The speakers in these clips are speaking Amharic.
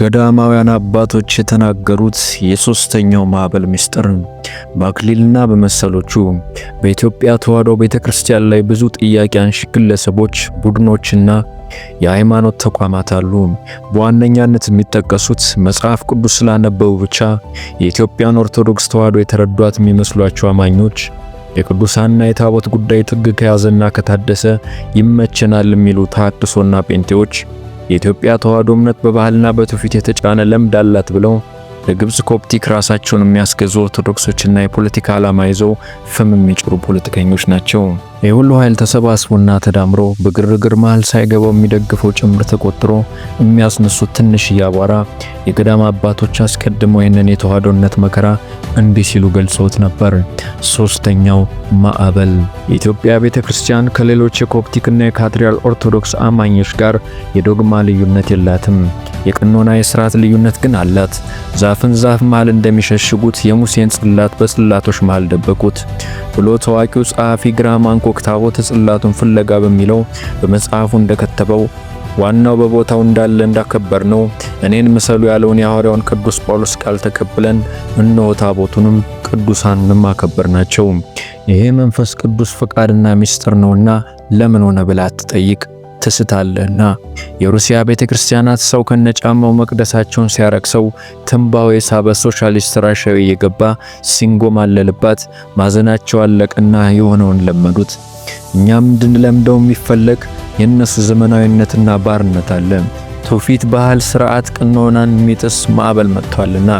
ገዳማውያን አባቶች የተናገሩት የሶስተኛው ማዕበል ምስጢር በአክሊልና በመሰሎቹ በኢትዮጵያ ተዋሕዶ ቤተ ክርስቲያን ላይ ብዙ ጥያቄ አንሺ ግለሰቦች፣ ቡድኖችና የሃይማኖት ተቋማት አሉ። በዋነኛነት የሚጠቀሱት መጽሐፍ ቅዱስ ስላነበቡ ብቻ የኢትዮጵያን ኦርቶዶክስ ተዋሕዶ የተረዷት የሚመስሏቸው አማኞች የቅዱሳንና የታቦት ጉዳይ ጥግ ከያዘና ከታደሰ ይመቸናል የሚሉ ተሐድሶና ጴንጤዎች የኢትዮጵያ ተዋህዶ እምነት በባህልና በትውፊት የተጫነ ለምድ አላት ብለው ለግብጽ ኮፕቲክ ራሳቸውን የሚያስገዙ ኦርቶዶክሶችና የፖለቲካ ዓላማ ይዘው ፍም የሚጭሩ ፖለቲከኞች ናቸው። የሁሉ ኃይል ተሰባስቦና ተዳምሮ በግርግር መሃል ሳይገባው የሚደግፈው ጭምር ተቆጥሮ የሚያስነሱት ትንሽ እያቧራ የገዳም አባቶች አስቀድመው ይህንን የተዋህዶነት መከራ እንዲህ ሲሉ ገልጸውት ነበር። ሶስተኛው ማዕበል የኢትዮጵያ ቤተ ክርስቲያን ከሌሎች የኮፕቲክና የካትሪያል ኦርቶዶክስ አማኞች ጋር የዶግማ ልዩነት የላትም። የቅኖና የስርዓት ልዩነት ግን አላት። ዛፍን ዛፍ መሃል እንደሚሸሽጉት የሙሴን ጽላት በጽላቶች መሃል ደበቁት ብሎ ታዋቂው ጸሐፊ ግራሃም ሃንኮክ ታቦተ ጽላቱን ፍለጋ በሚለው በመጽሐፉ እንደከተበው ዋናው በቦታው እንዳለ እንዳከበር ነው። እኔን ምሰሉ ያለውን የሐዋርያውን ቅዱስ ጳውሎስ ቃል ተቀብለን እነሆ ታቦቱንም ቅዱሳንንም አከበር ናቸው። ይሄ መንፈስ ቅዱስ ፈቃድና ሚስጥር ነውና ለምን ሆነ ብላ አትጠይቅ። ትስታለህና የሩሲያ ቤተ ክርስቲያናት ሰው ከነጫማው መቅደሳቸውን ሲያረክሰው ትንባው የሳበ ሶሻሊስት ራሻዊ እየገባ ሲንጎማለልባት ማዘናቸው አለቅና የሆነውን ለመዱት። እኛም እንድንለምደው የሚፈለግ የእነሱ ዘመናዊነትና ባርነት አለ። ትውፊት፣ ባህል፣ ስርዓት፣ ቅኖናን የሚጥስ ማዕበል መጥቷልና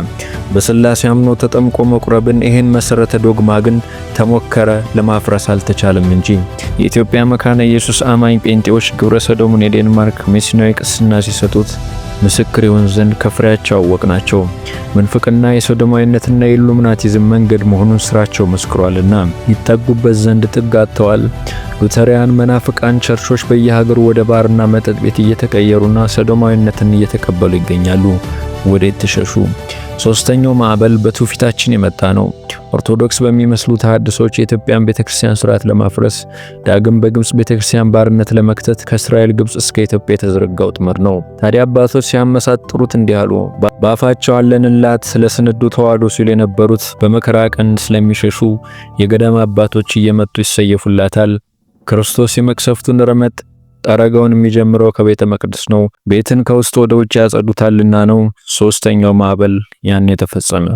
በስላሴ አምኖ ተጠምቆ መቁረብን ይህን መሰረተ ዶግማ ግን ተሞከረ፣ ለማፍረስ አልተቻለም እንጂ የኢትዮጵያ መካነ ኢየሱስ አማኝ ጴንጤዎች ግብረ ሰዶሙን የዴንማርክ ሚስዮናዊ ቅስና ሲሰጡት ምስክር ይሆን ዘንድ ከፍሬያቸው አወቅ ናቸው። ምንፍቅና የሶዶማዊነትና የኢሉምናቲዝም መንገድ መሆኑን ስራቸው መስክሯልና ይጠጉበት ዘንድ ጥግ አጥተዋል። ሉተሪያን መናፍቃን ቸርቾች በየሀገሩ ወደ ባርና መጠጥ ቤት እየተቀየሩና ሶዶማዊነትን እየተቀበሉ ይገኛሉ። ወዴት ተሸሹ? ሶስተኛው ማዕበል በትውፊታችን የመጣ ነው። ኦርቶዶክስ በሚመስሉ ተሐድሶች የኢትዮጵያን ቤተክርስቲያን ስርዓት ለማፍረስ ዳግም በግብጽ ቤተክርስቲያን ባርነት ለመክተት ከእስራኤል ግብጽ እስከ ኢትዮጵያ የተዘረጋው ጥምር ነው። ታዲያ አባቶች ሲያመሳጥሩት እንዲህ አሉ። በአፋቸው አለንላት ስለ ስንዱ ተዋህዶ ሲሉ የነበሩት በመከራ ቀን ስለሚሸሹ የገዳም አባቶች እየመጡ ይሰየፉላታል። ክርስቶስ የመቅሰፍቱን ረመጥ ጠረገውን የሚጀምረው ከቤተ መቅደስ ነው። ቤትን ከውስጥ ወደ ውጭ ያጸዱታልና ነው። ሶስተኛው ማዕበል ያን የተፈጸመ